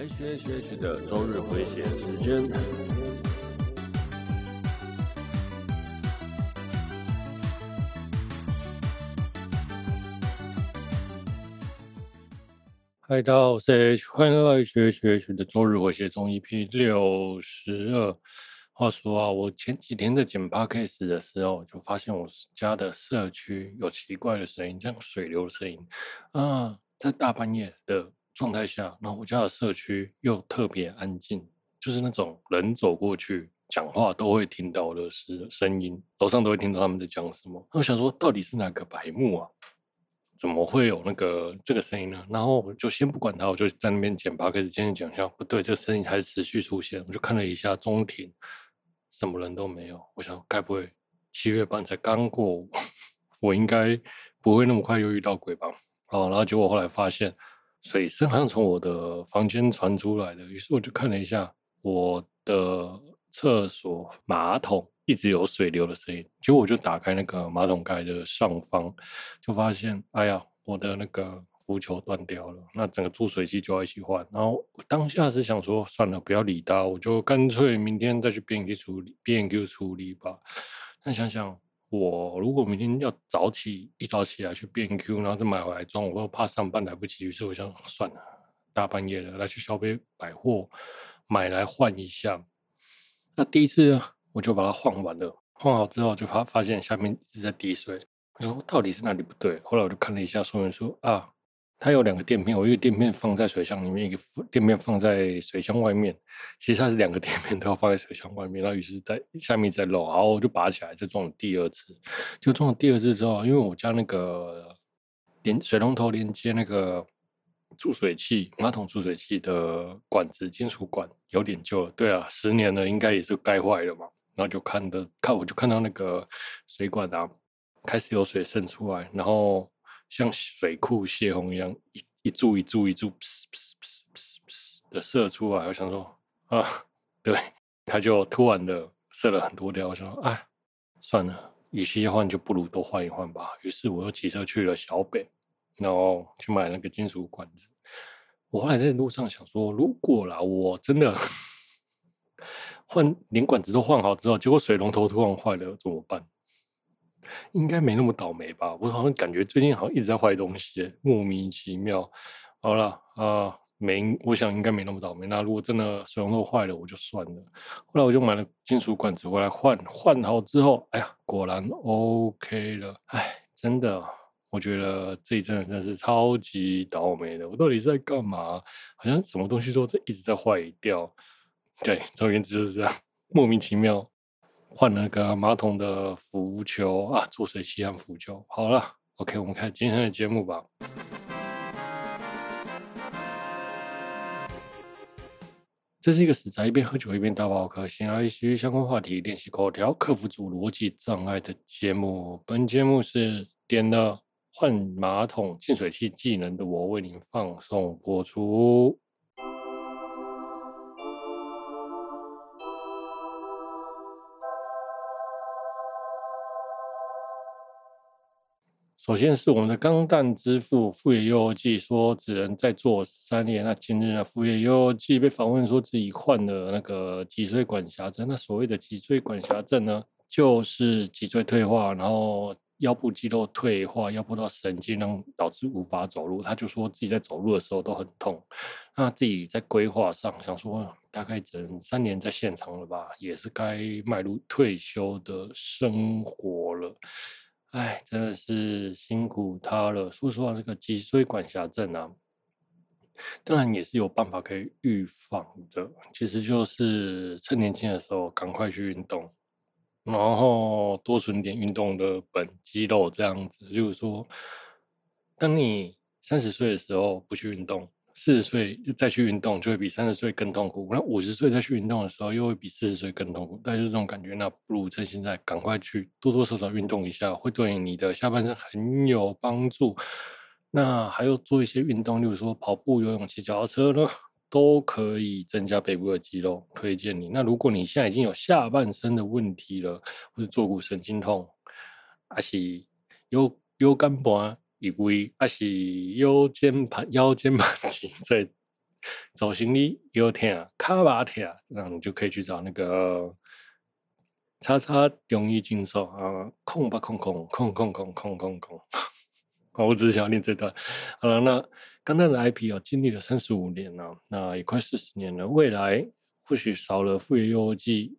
來 HHH 的周日回血時間，嗨，大家好，我是 CH，歡迎來到 HHH 的周日回血中 EP 六十二。話說啊，我前幾天在剪 8K 的時候，就發現我家的社區有奇怪的聲音，像水流的聲音啊，這大半夜的。狀態下，那我家的社區又特別安靜，就是那種人走過去講話都會聽到的聲聲音，樓上都會聽到他們在講什麼。我想說，到底是哪個白目啊？怎麼會有那個這個聲音呢？然後我就先不管他，我就在那邊剪吧開始講八 K，接先講一下，不對，這聲音還是持續出現。我就看了一下中庭，什麼人都沒有。我想，該不會七月半才剛過，我應該不會那麼快又遇到鬼吧？啊，然後結果後來發現。水聲好像從我的房間傳出來的，於是我就看了一下我的廁所馬桶，一直有水流的聲音。結果我就打開那個馬桶蓋的上方，就發現，哎呀，我的那個浮球斷掉了，那整個注水器就要一起換。然後我當下是想說，算了，不要理它，我就乾脆明天再去 B&Q 處理 B&Q 處理吧。那想想。我如果明天要早起，一早起來去 B&Q，然後再買回來裝，我又怕上班來不及，於是我想算了，大半夜的來去小北百貨買來換一下。那第一次我就把它換完了，換好之後就發發現下面一直在滴水，我說我到底是哪裡不對？後來我就看了一下說明書啊。它有兩個墊片，我一個墊片放在水箱裡面，一個墊片放在水箱外面。其實它是兩個墊片都要放在水箱外面。然後於是在下面在漏，然後我就拔起來就中裝了第二次。就裝了第二次之後，因為我家那個連水龍頭連接那個注水器、馬桶注水器的管子，金屬管有點舊了。對啊，十年了，應該也是該壞了嘛。然後就看的看，我就看到那個水管啊，開始有水滲出來，然後。像水庫泄洪一樣，一一柱一柱一柱的射出來。我想說啊，對，他就突然的射了很多掉。我想說哎、啊，算了，與其換就不如多換一換吧。於是我又騎車去了小北，然後去買那個金屬管子。我後來在路上想說，如果啦，我真的換連管子都換好之後，結果水龍頭突然壞了，怎麼辦？應該沒那麼倒霉吧？我好像感覺最近好像一直在壞東西，莫名其妙。好了啊、呃，沒，我想應該沒那麼倒霉。那如果真的水龍頭壞了，我就算了。後來我就買了金屬管子回來換，換好之後，哎呀，果然 OK 了。哎，真的，我覺得這一陣真的是超級倒霉的。我到底是在幹嘛？好像什麼東西都在一直在壞掉。對，總而言之就是這樣，莫名其妙。換那個馬桶的浮球啊，注水器和浮球好了，OK，我們看今天的節目吧。嗯、這是一個死宅一邊喝酒一邊打寶可夢，閒聊一些相關話題，練習口條，克服住邏輯障礙的節目。本節目是點了換馬桶淨水器技能的我為您放送播出。首先是我們的鋼彈之父富野由悠季說只能再做三年。那今日呢，富野由悠季被訪問說自己患了那個脊椎管狹窄。那所謂的脊椎管狹症呢，就是脊椎退化，然後腰部肌肉退化，腰部到神經，能導致無法走路。他就說自己在走路的時候都很痛。那自己在規劃上想說，大概只能三年在現場了吧，也是該邁入退休的生活了。哎，真的是辛苦他了。說實話，這個脊椎管狹窄症啊，當然也是有辦法可以預防的。其實就是趁年輕的時候趕快去運動，然後多存點運動的本肌肉這樣子。就是說，當你三十歲的時候不去運動。四十歲再去運動，就會比三十歲更痛苦。那五十歲再去運動的時候，又會比四十歲更痛苦。但是這種感覺，那不如趁現在趕快去多多少少運動一下，會對你的下半身很有幫助。那還有做一些運動，例如說跑步、游泳、騎腳踏車呢，都可以增加背部的肌肉。推薦你。那如果你現在已經有下半身的問題了，或是坐骨神經痛，還是腰腰部啊以為啊是腰間盤腰間盤肌在走行腰痛啊，卡巴疼，那你就可以去找那個查查中醫診所啊，控吧控控控控控控控控，控控控控控控控 我只想念這段。好了，那剛才的 IP 啊、哦，經歷了三十五年了、哦，那也快四十年了，未來或許少了富野由悠季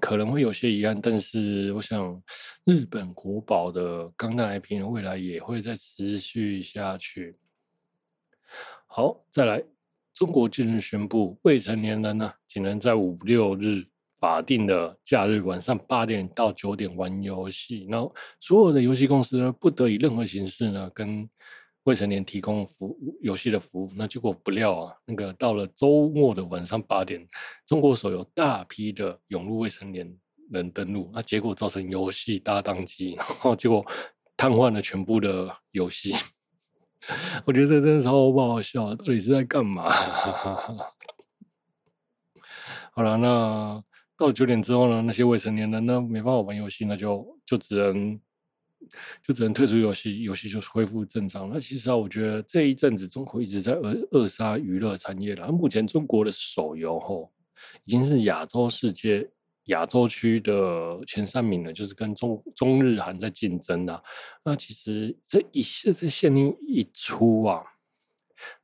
可能會有些遺憾，但是我想，日本國寶的鋼彈 IP 的未來也會再持續下去。好，再來，中國近日宣布，未成年人呢、啊，只能在五六日法定的假日晚上八點到九點玩遊戲，然後所有的遊戲公司呢，不得以任何形式呢跟。未成年提供服務遊戲的服務，那結果不料啊，那個到了周末的晚上八點，中國手遊大批的湧入未成年人登錄，那結果造成遊戲大宕機，然後結果癱瘓了全部的遊戲。嗯、我覺得這真的超不好笑，到底是在幹嘛、啊？ 好了，那到了九點之後呢？那些未成年人呢，沒辦法玩遊戲，那就就只能。就只能退出遊戲，遊戲就恢復正常。那其實啊，我覺得這一陣子中國一直在扼扼殺娛樂產業，然後目前中國的手遊後、哦、已經是亞洲世界亞洲區的前三名了，就是跟中中日韓在競爭的。那其實這一這限令一出啊，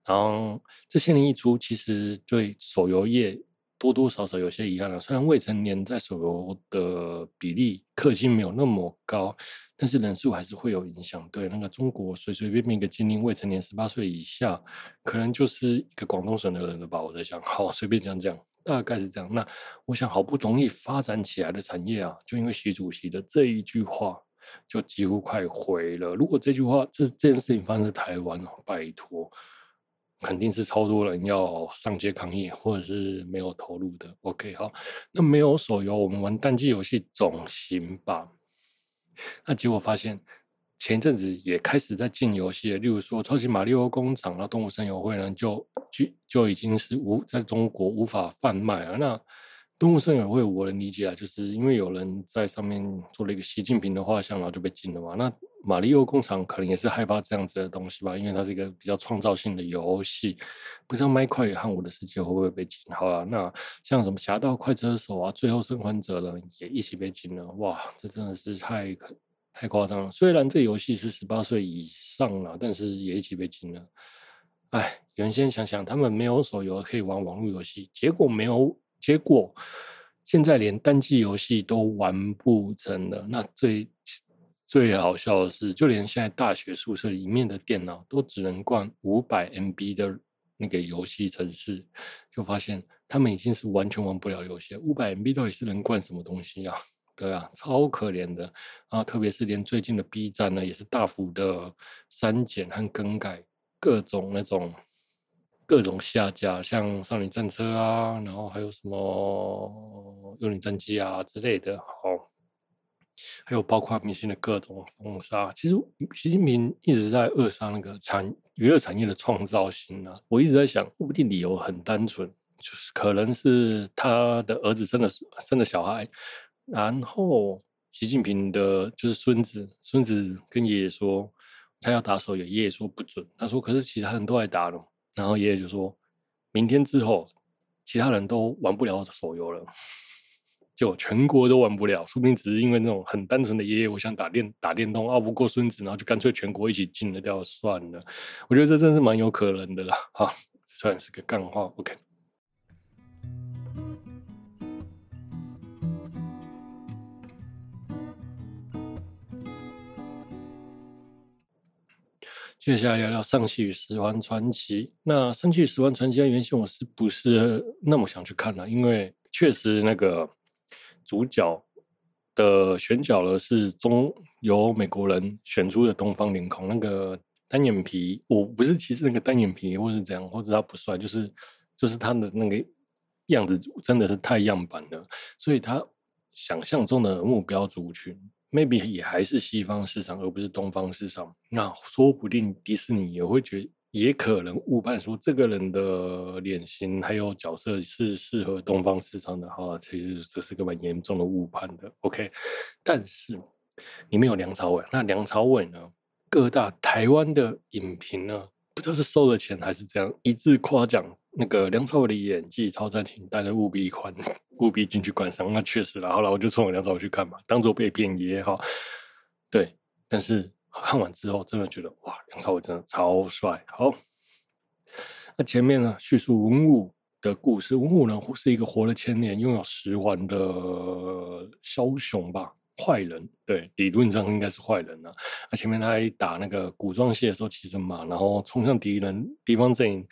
然後這限令一出，其實對手遊業，多多少少有些遺憾了。雖然未成年在手遊的比例氪金，沒有那麼高，但是人數還是會有影響。對，那個中國隨隨便便一個禁令，未成年十八歲以下，可能就是一個廣東省的人了吧？我在想，好，隨便講講，大概是這樣。那我想，好不容易發展起來的產業啊，就因為習主席的這一句話，就幾乎快毀了。如果這句話這是這件事情發生在台灣，拜託。肯定是超多人要上街抗議，或者是沒有投入的。OK，好，那沒有手遊，我們玩單機遊戲總行吧？那結果發現，前陣子也開始在禁遊戲，例如說超級馬里奧工廠，那動物森友會呢就就就已經是無在中國無法販賣了。那動物森友會，我能理解啊，就是因為有人在上面做了一個習近平的畫像，然後就被禁了嘛？那。馬里奧工廠可能也是害怕這樣子的東西吧，因為它是一個比較創造性的遊戲。不知道《麥塊》和《我的世界》會不會被禁？好了，那像什麼《俠盜快車手》啊，《最後生還者》呢，也一起被禁了。哇，這真的是太太誇張了！雖然這遊戲是十八歲以上了啊，但是也一起被禁了。哎，原先想想他們沒有手遊可以玩網絡遊戲，結果沒有，結果現在連單機遊戲都玩不成了。那最……最好笑的是，就連現在大學宿舍裡面的電腦都只能灌五百 MB 的那個遊戲程式，就發現他們已經是完全玩不了遊戲了。五百 MB 到底是能灌什麼東西啊？對啊，超可憐的啊！特別是連最近的 B 站呢，也是大幅的刪減和更改，各種那種各種下架，像《少女戰車》啊，然後還有什麼《幽靈戰機》啊之類的，好。還有包括明星的各種封殺，其實習近平一直在扼殺那個產娛樂產業的創造性啊。我一直在想，說不定理由很單純，就是可能是他的兒子生了生了小孩，然後習近平的就是孫子，孫子跟爺爺說他要打手遊，爺爺說不准。他說可是其他人都在打了，然後爺爺就說，明天之後其他人都玩不了手遊了。就全國都玩不了，說不定只是因為那種很單純的爺爺，我想打電打電動，拗不過孫子，然後就乾脆全國一起禁了，掉算了。我覺得這真的是蠻有可能的了，哈，算是個乾話。OK。接下來聊聊《尚氣與十環傳奇》。那《尚氣與十環傳奇》啊，原先我是不是那麼想去看了？因為確實那個。主角的選角呢，是中由美國人選出的東方臉孔，那個單眼皮，我不是歧視那個單眼皮或是怎樣，或者他不帥，就是就是他的那個樣子真的是太樣板了，所以他想象中的目標族群 maybe 也還是西方市場，而不是東方市場，那說不定迪士尼也會覺。也可能誤判說這個人的臉型還有角色是適合東方市場的話，其實這是個蠻嚴重的誤判的。OK，但是裡面有梁朝偉，那梁朝偉呢？各大台灣的影評呢，不知道是收了錢還是怎樣，一致誇獎那個梁朝偉的演技超讚，請大家務必觀，務必進去觀賞。那確實啦，好了，我就衝着梁朝偉去看嘛，當做被騙也好。對，但是。看完之後，真的覺得哇，梁朝偉真的超帥。好，那前面呢，敘述文武的故事。文武呢，是一個活了千年、擁有十環的梟雄吧，壞人。對，理論上應該是壞人了。那前面他還打那個古裝戲的時候，騎着馬，然後衝向敵人，敵方陣營。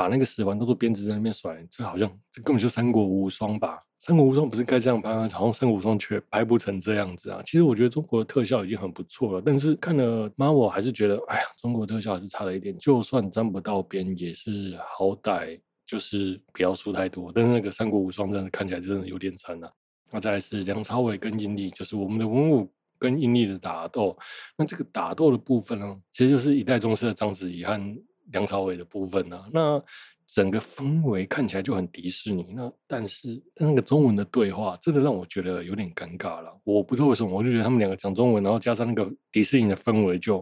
把那個十環當做鞭子在那邊甩，這好像這根本就三國無雙吧？三國無雙不是該這樣拍嗎？好像三國無雙卻拍不成這樣子啊！其實我覺得中國的特效已經很不錯了，但是看了漫威還是覺得，哎呀，中國特效還是差了一點。就算沾不到邊，也是好歹就是不要輸太多。但是那個三國無雙真的看起來真的有點慘啊！那再來是梁朝偉跟映麗，就是我們的文武跟映麗的打鬥。那這個打鬥的部分呢、啊，其實就是一代宗師的章子怡和。梁朝偉的部分呢、啊？那整個氛圍看起來就很迪士尼。那但是那個中文的對話，真的讓我覺得有點尷尬了。我不知道為什麼，我就覺得他們兩個講中文，然後加上那個迪士尼的氛圍，就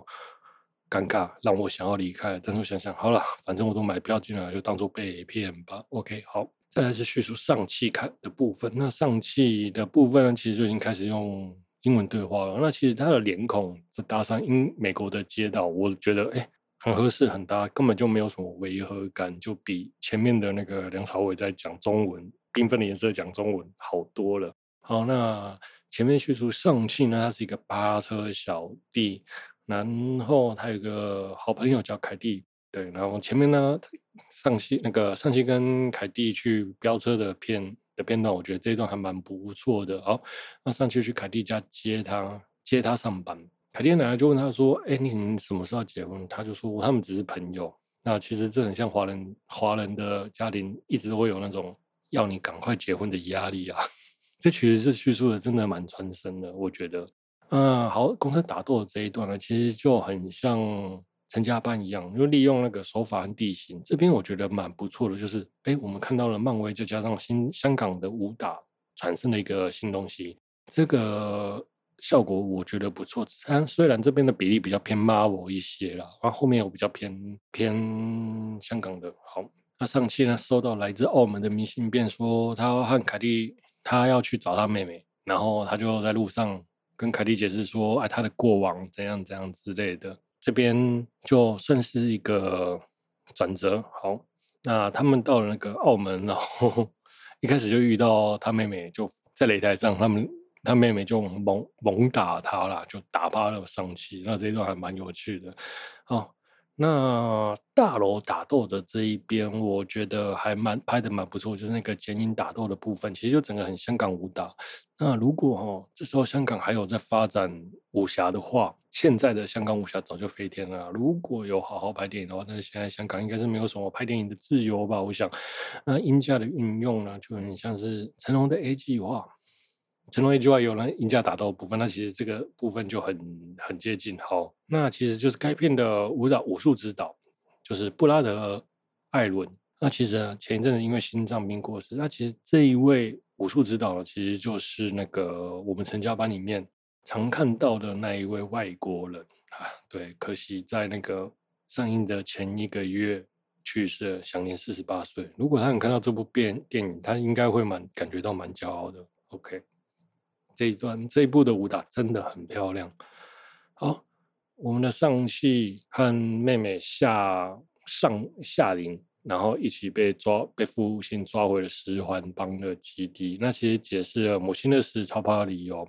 尷尬，讓我想要離開。但是我想想，好了，反正我都買票進來，就當做被騙吧。OK，好，再來是敘述尚氣看的部分。那尚氣的部分呢，其實就已經開始用英文對話了。那其實他的臉孔是搭上英美國的街道，我覺得哎。欸很合適，很搭，根本就沒有什麼違和感，就比前面的那個梁朝偉在講中文，繽紛的顏色講中文好多了。嗯、好，那前面敘述尚氣呢，他是一個泊車小弟，然後他有個好朋友叫凱蒂，對，然後前面呢尚氣那個尚氣跟凱蒂去飆車的片的片段，我覺得這段還蠻不錯的。好，那尚氣去凱蒂家接他，接他上班。凱蒂奶奶就問他說：“哎、欸，你什麼時候要結婚？”他就說：“他們只是朋友。”那其實這很像華人華人的家庭一直會有那種要你趕快結婚的壓力啊。 這其實是敘述的真的蠻傳神的，我覺得。嗯、呃，好，公車打鬥的這一段呢，其實就很像成家班一樣，就利用那個手法跟地形，這邊我覺得蠻不錯的。就是哎、欸，我們看到了漫威，就加上新香港的武打產生的一個新東西，這個。效果我覺得不錯，啊，雖然這邊的比例比較偏 Marvel 一些了，然、啊、後後面有比較偏偏香港的。好，那上期呢收到來自澳門的明信片說，說他和凱蒂他要去找他妹妹，然後他就在路上跟凱蒂解釋說，哎，他的過往怎樣怎樣之類的。這邊就算是一個轉折。好，那他們到了那個澳門，然後一開始就遇到他妹妹，就在擂台上，他們。他妹妹就猛猛打他了，就打趴了上去。那這一段還蠻有趣的。好，那大樓打鬥的這一邊，我覺得還蠻拍的蠻不錯，就是那個剪影打鬥的部分，其實就整個很香港武打。那如果哦，這時候香港還有在發展武俠的話，現在的香港武俠早就飛天了。如果有好好拍電影的話，那現在香港應該是沒有什麼拍電影的自由吧？我想，那鷹架的運用呢，就很像是成龍的 A 計劃。成龍一句話有人贏家打鬥的部分，那其實這個部分就很很接近。好，那其實就是該片的舞蹈武術指導就是布拉德艾倫。那其實前一陣子因為心臟病過世。那其實這一位武術指導呢，其實就是那個我們成家班裡面常看到的那一位外國人啊。對，可惜在那個上映的前一個月去世，享年四十八歲。如果他能看到這部片電影，他應該會蠻感覺到蠻驕傲的。OK。這一段這一部的武打真的很漂亮。好，我們的尚氣和，妹妹下上夏上夏玲，然後一起被抓被父親抓回了十環幫的基地。那其實解釋了母親的死，逃跑的理由。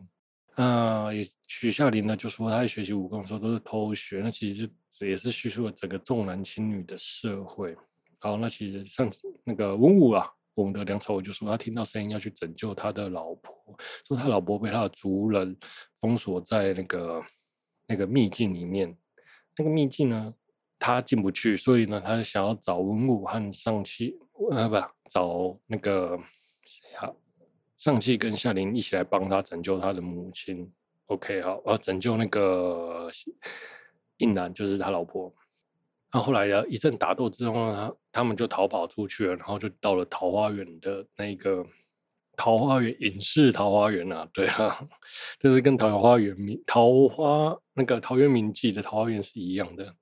那、呃、也許夏玲呢，就說她在學習武功的時候都是偷學。那其實是也是敘述了整個重男輕女的社會。好，那其實上次那個文武啊。我們的梁朝偉就說，他聽到聲音要去拯救他的老婆，說他老婆被他的族人封鎖在那個那個秘境裡面，那個秘境呢，他進不去，所以呢，他想要找文武和尚氣，呃、啊、不找那個誰啊，尚氣跟夏靈一起來幫他拯救他的母親。OK 好，我要拯救那個應蘭，就是他老婆。他、啊、後來呀，一陣打鬥之後呢，他他們就逃跑出去了，然後就到了桃花源的那個桃花源隱士桃花源啊，對啊，就是跟《桃花源桃花》那個《陶淵明記》的桃花源是一樣的。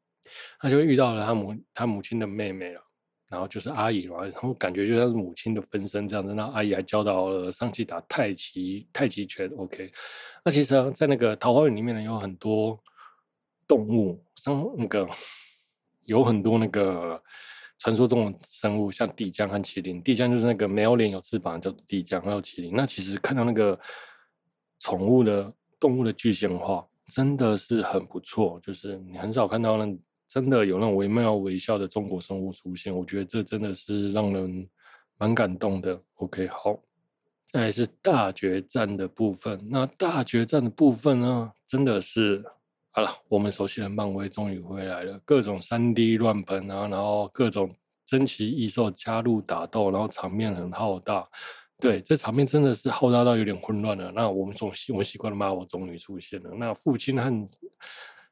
他就遇到了他母他母親的妹妹了、啊，然後就是阿姨了、啊，然後感覺就像是母親的分身這樣子。那阿姨還教導了上去打太極太極拳。OK，那其實、啊，在那個桃花源裡面呢，有很多動物生那個。有很多那個傳說中的生物，像帝江和麒麟。帝江就是那個沒有臉、有翅膀，叫做帝江，還有麒麟。那其實看到那個寵物的動物的具象化，真的是很不錯。就是你很少看到那真的有那種惟妙惟肖的中國生物出現，我覺得這真的是讓人蠻感動的。OK，好，再來是大決戰的部分。那大決戰的部分呢，真的是。好了，我們熟悉的漫威終於回來了，各種三 D 亂噴啊，然後各種珍奇異獸加入打鬥，然後場面很浩大。對，這場面真的是浩大到有點混亂了。那我們總習我們習慣的 Marvel 終於出現了。那父親和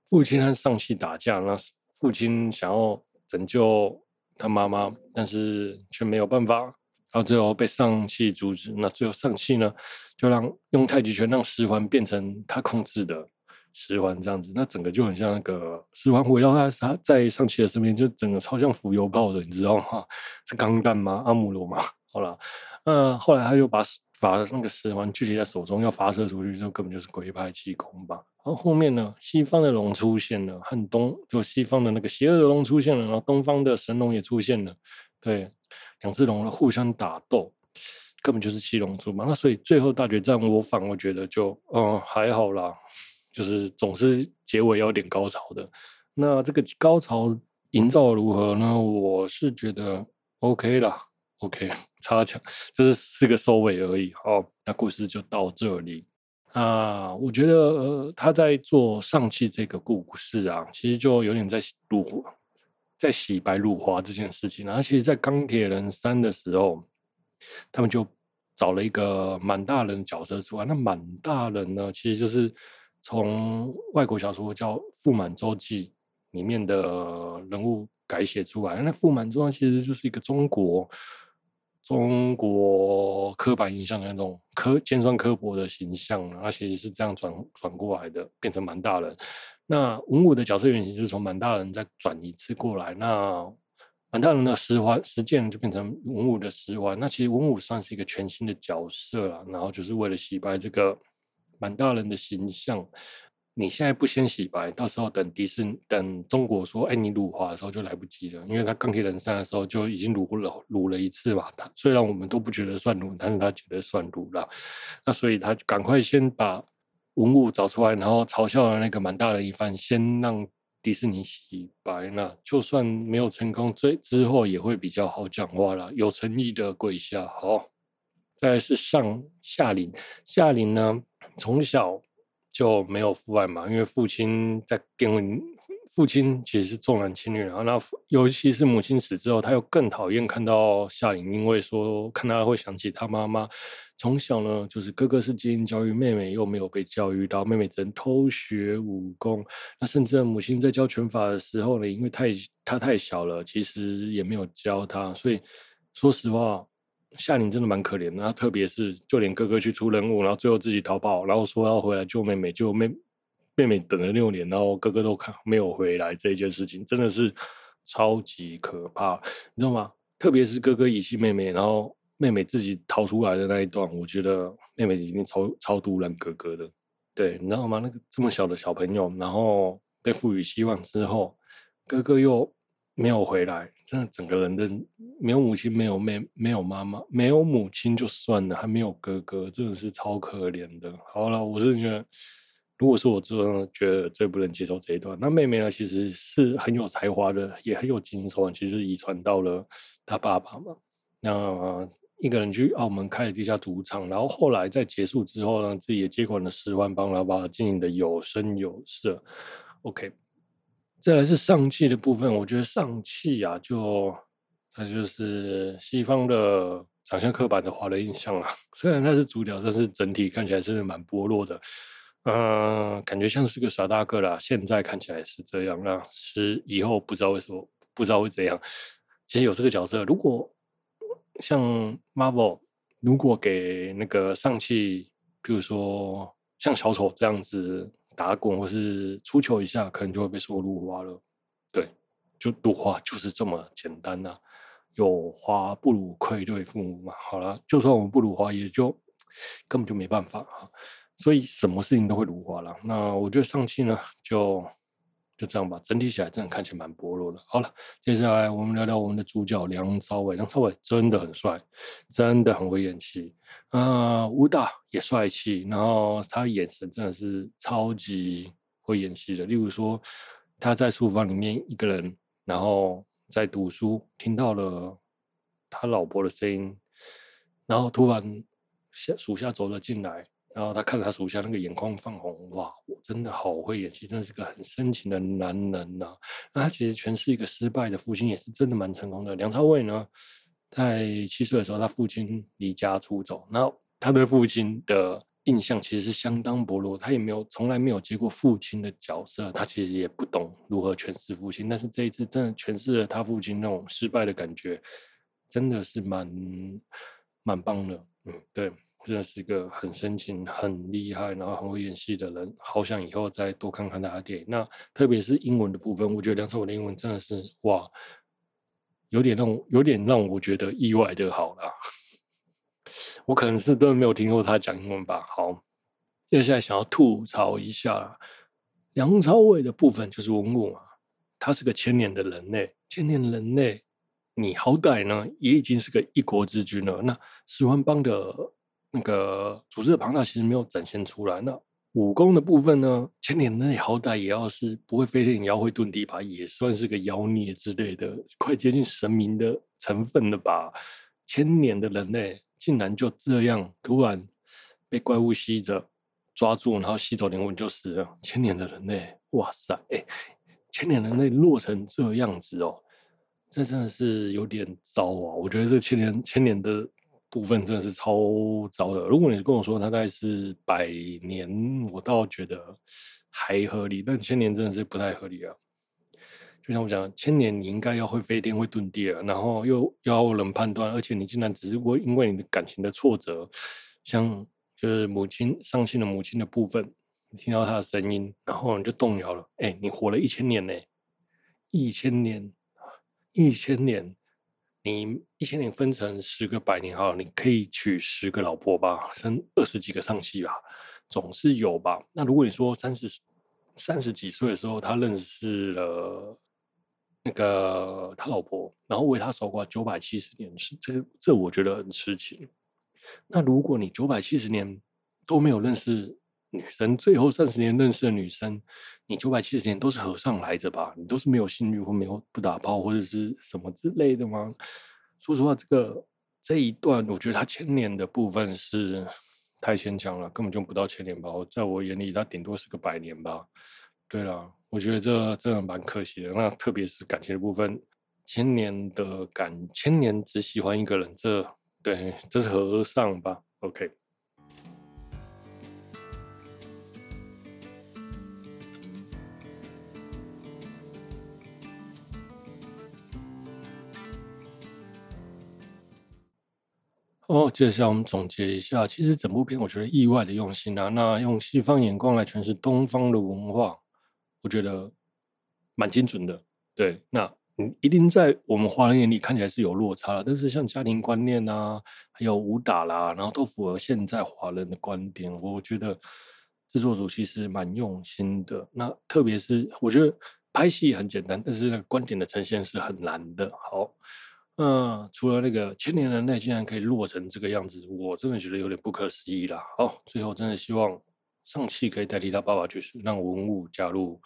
父親和尚氣打架，那父親想要拯救他媽媽，但是卻沒有辦法，到最後被尚氣阻止。那最後尚氣呢，就讓用太極拳讓十環變成他控制的。食環這樣子，那整個就很像那個十環圍繞他，他在尚氣的身邊就整個超像浮游炮的，你知道嗎？是鋼彈嗎？阿姆羅嗎？ 好啦。那、呃、後來他又把把那個十環聚集在手中，要發射出去，就根本就是龜派氣功吧。然後後面呢，西方的龍出現了，很東就西方的那個邪惡的龍出現了，然後東方的神龍也出現了，對，兩隻龍互相打鬥，根本就是七龍珠嘛。那所以最後大決戰，我反而覺得就，哦、嗯，還好啦。就是總是結尾要點高潮的，那這個高潮營造如何呢？我是覺得 OK 啦，OK 差強，就是四個收尾而已。好、哦，那故事就到這裡。啊我覺得、呃、他在做尚氣這個故事啊，其實就有點在洗辱華在洗白辱華這件事情而、啊、其實在鋼鐵人三的時候，他們就找了一個滿大人的角色出來。那滿大人呢，其實就是。從外國小說叫《傅滿洲記》裡面的人物改寫出來，那《傅滿洲》其實就是一個中國中國刻板印象的那種刻尖酸刻薄的形象，而、啊、其實是這樣轉轉過來的，變成滿大人。那文武的角色原型就是從滿大人再轉一次過來，那滿大人的十環十劍就變成文武的十環。那其實文武算是一個全新的角色了，然後就是為了洗白這個。滿大人的形象，你現在不先洗白，到時候等迪士尼等中國說“哎、欸，你辱華”的時候就來不及了。因為他鋼鐵人三的時候就已經辱過了，辱了一次嘛。他雖然我們都不覺得算辱，但是他覺得算辱了。那所以他趕快先把文物找出來，然後嘲笑了那個滿大人一番，先讓迪士尼洗白了。那就算沒有成功，最之後也會比較好講話了。有誠意的跪下，好。再來是上下聯，下聯呢？從小就沒有父愛嘛，因為父親在給父親其實是重男輕女，然後那尤其是母親死之後，他又更討厭看到夏玲，因為說看他會想起他媽媽。從小呢，就是哥哥是精英教育，妹妹又沒有被教育到，妹妹只能偷學武功。那甚至母親在教拳法的時候呢，因為太，她太小了，其實也沒有教她，所以說實話。夏玲真的蠻可憐的，啊，特別是就連哥哥去出任務，然後最後自己逃跑，然後說要回來救妹妹，就妹妹妹等了六年，然後哥哥都看沒有回來這一件事情，真的是超級可怕，你知道嗎？特別是哥哥遺棄妹妹，然後妹妹自己逃出來的那一段，我覺得妹妹已經超超毒爛哥哥的，對，你知道嗎？那個這麼小的小朋友，然後被賦予希望之後，哥哥又。沒有回來，真的整個人的沒有母親，沒有妹，沒有媽媽，沒有母親就算了，還沒有哥哥，真的是超可憐的。好了，我是覺得，如果是我，真的覺得最不能接受這一段。那妹妹呢，其實是很有才華的，也很有精神，其實遺傳到了他爸爸嘛。那一個人去澳門開了地下賭場，然後後來在結束之後呢，自己也接管了十萬幫，他爸爸經營的有聲有色。OK。再來是尚氣的部分，我覺得尚氣啊，就他就是西方的長相刻板的華人印象啊，雖然他是主角，但是整體看起來是蠻薄弱的，嗯、呃，感覺像是個傻大個啦。現在看起來是這樣，那是以後不知道為什麼，不知道會怎樣。其實有這個角色，如果像 Marvel，如果給那個尚氣，比如說像小丑這樣子。打滾或是出糗一下，可能就會被說辱華了，對，就辱華就是這麼簡單吶、啊，有花不如愧對父母嘛。好了，就算我們不辱華，也就根本就沒辦法啊，所以什麼事情都會辱華了。那我覺得尚氣呢，就。就這樣吧，整體起來真的看起來蠻薄弱的。好了，接下來我們聊聊我們的主角梁朝偉。梁朝偉真的很帥，真的很會演戲啊，呃，武打也帥氣。然後他眼神真的是超級會演戲的。例如說，他在書房裡面一個人，然後在讀書，聽到了他老婆的聲音，然後突然屬下走了進來。然後他看着他屬下那個眼眶泛紅，哇，我真的好會演戲，其實真的是個很深情的男人吶、啊。那他其實詮釋一個失敗的父親，也是真的蠻成功的。梁朝偉呢，在七歲的時候，他父親離家出走，那他對父親的印象其實是相當薄弱，他也沒有從來沒有接過父親的角色，他其實也不懂如何詮釋父親，但是這一次真的詮釋了他父親那種失敗的感覺，真的是蠻蠻棒的。嗯，對。真的是一個很深情，很厲害，然後很會演戲的人。好想以後再多看看他的電影。那特別是英文的部分，我覺得梁朝偉的英文真的是哇，有點讓有點讓我覺得意外的好啦。我可能是真的沒有聽過他講英文吧。好，接下來想要吐槽一下梁朝偉的部分，就是文武嘛、啊。他是個千年的人類，千年的人類，你好歹呢也已經是個一國之君了。那十環幫的。那個組織的龐大其實沒有展現出來。那武功的部分呢？千年人類好歹也要是不會飛天，也要會遁地吧，也算是個妖孽之類的，快接近神明的成分了吧？千年的人類竟然就這樣突然被怪物吸着抓住，然後吸走靈魂就死了。千年的人類，哇塞！哎、欸，千年人類弱成這樣子哦，這真的是有點糟啊，哦！我覺得這千年千年的，部分真的是超糟的。如果你跟我說它大概是百年，我倒覺得還合理；但千年真的是不太合理啊！就像我講，千年你應該要會飛天、會遁地啊，然後又，又要能判斷，而且你竟然只是因為你的感情的挫折，像就是母親傷心的母親的部分，你聽到她的聲音，然後你就動搖了。哎、欸，你活了一千年呢、欸，一千年，一千年。你一千年分成十個百年，後你可以娶十個老婆吧，生二十幾個上妻吧，總是有吧。那如果你說三十、三十幾歲的時候，他認識了那個他老婆，然後為他守寡九百七十年，是這個，這我覺得很癡情。那如果你九百七十年都沒有認識、嗯？女生最後三十年認識的女生，你九百七十年都是和尚來着吧？你都是沒有性欲或沒有不打炮，或者是什麼之類的嗎？說實話，這個這一段，我覺得他千年的部分是太牽強了，根本就不到千年吧。在我眼裡，他頂多是個百年吧。對啦，我覺得這真的蠻可惜的。那特別是感情的部分，千年的感，千年只喜歡一個人，這對，這是和尚吧？OK。哦，接下來我們總結一下。其實整部片我覺得意外的用心啊。那用西方眼光來詮釋東方的文化，我覺得蠻精準的。對，那一定在我們華人眼裡看起來是有落差的，但是像家庭觀念啊，還有武打啦，然後都符合現在華人的觀點。我覺得制作組其實蠻用心的。那特別是，我覺得拍戲很簡單，但是那個觀點的呈現是很難的。好。嗯、呃，除了那個千年人類竟然可以落成這個樣子，我真的覺得有點不可思議了。好，最後真的希望尚氣可以代替他爸爸去讓文武加入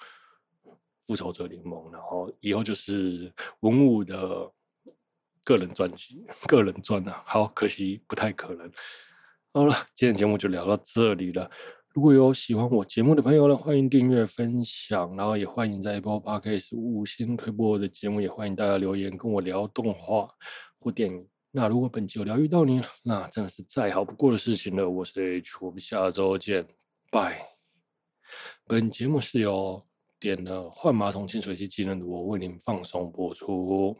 復仇者聯盟，然後以後就是文武的個人專輯、個人專啊。好，可惜不太可能。好了，今天節目就聊到這裡了。如果有喜歡我節目的朋友呢，歡迎訂閱、分享，然後也歡迎在 Apple Podcasts 五星推播的節目，也歡迎大家留言跟我聊動畫或電影。那如果本期有聊遇到您，那真的是再好不過的事情了。我是 H，我們下周見，拜。本節目是由點了換馬桶淨水器技能的我為您放鬆播出。